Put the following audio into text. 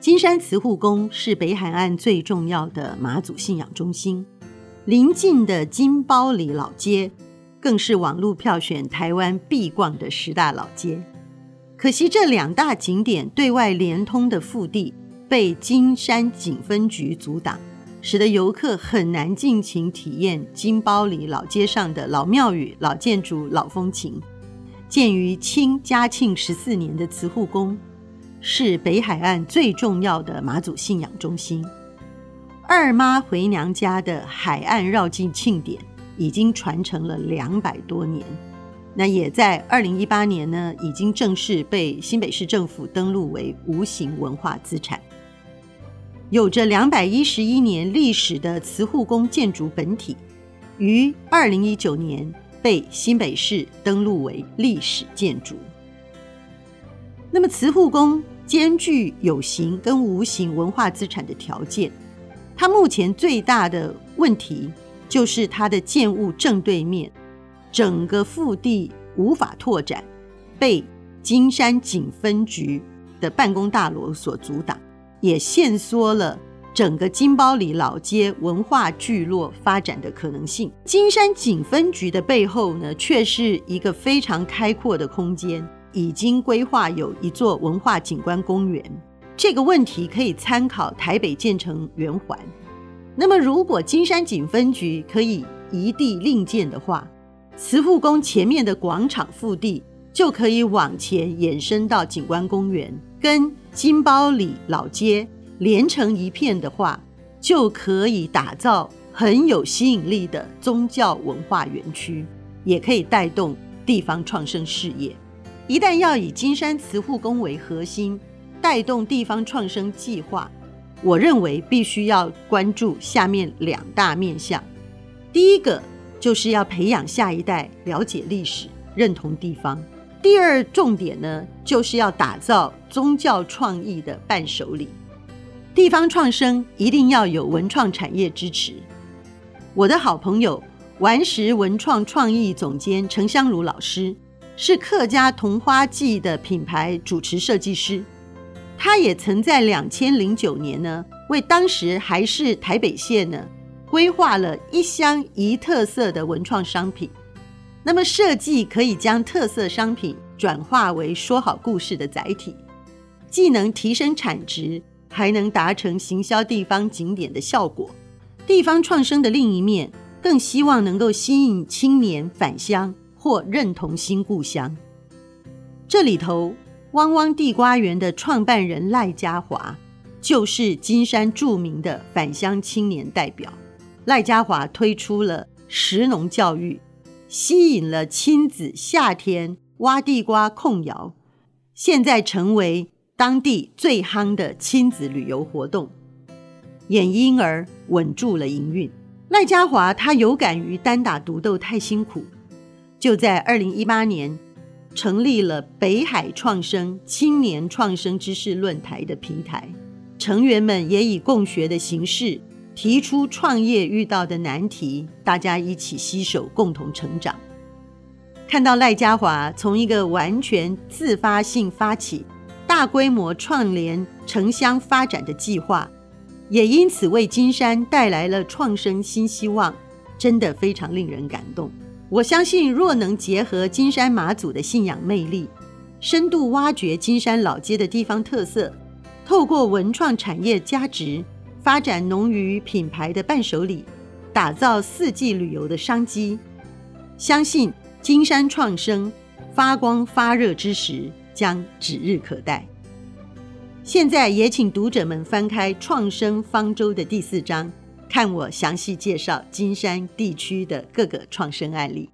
金山慈護宮是北海岸最重要的媽祖信仰中心，鄰近的金包里老街更是網絡票選台灣必逛的十大老街。可惜這兩大景點對外連通的腹地被金山警分局阻擋，使得遊客很難盡情體驗金包里老街上的老廟宇、老建築、老風情。建於清嘉慶十四年的慈護宮。是北海岸最重要的媽祖信仰中心，二媽回娘家的海岸繞境慶典已經傳承了兩百多年，那也在二零一八年呢，已經正式被新北市政府登錄為無形文化資產。有着兩百一十一年歷史的慈護宮建築本體，於二零一九年被新北市登錄為歷史建築。那麼慈護宮。兼具有形跟無形文化資產的條件，它目前最大的問題就是它的建物正對面，整個腹地無法拓展，被金山警分局的辦公大樓所阻擋，也限縮了整個金包里老街文化聚落發展的可能性。金山警分局的背後呢，卻是一個非常開闊的空間。已經規劃有一座文化景觀公園，這個問題可以參考台北建成圓環。那麼，如果金山警分局可以移地另建的話，慈護宮前面的廣場腹地就可以往前延伸到景觀公園，跟金包里老街連成一片的話，就可以打造很有吸引力的宗教文化園區，也可以帶動地方創生事業。一旦要以金山慈護宮為核心，帶動地方創生計劃，我認為必須要關注下面兩大面向。第一個就是要培養下一代了解歷史、認同地方；第二重點呢，就是要打造宗教創意的伴手禮。地方創生一定要有文創產業支持。我的好朋友，頑石文創創意總監程湘如老師。是客家桐花季的品牌主持設計師，他也曾在兩千零九年呢，為當時還是台北縣呢，規劃了一鄉一特色的文創商品。那麼設計可以將特色商品轉化為說好故事的載體，既能提升產值，還能達成行銷地方景點的效果。地方創生的另一面，更希望能夠吸引青年返鄉。或認同新故鄉，這裡頭汪汪地瓜園的創辦人賴家華，就是金山著名的返鄉青年代表。賴家華推出了食農教育，吸引了親子夏天挖地瓜控窯，現在成為當地最夯的親子旅遊活動，也因而穩住了營運。賴家華他有感於單打獨鬥太辛苦。就在二零一八年，成立了北海創生青年創生知識論壇的平台，成員們也以共學的形式提出創業遇到的難題，大家一起攜手共同成長。看到賴家華從一個完全自發性發起，大規模串聯城鄉發展的計劃，也因此為金山帶來了創生新希望，真的非常令人感動。我相信，若能結合金山媽祖的信仰魅力，深度挖掘金山老街的地方特色，透過文創產業加持，發展農漁品牌的伴手禮，打造四季旅遊的商機，相信金山創生發光發熱之時將指日可待。現在也請讀者們翻開《創生方舟》的第四章。看我詳細介紹金山地區的各個創生案例。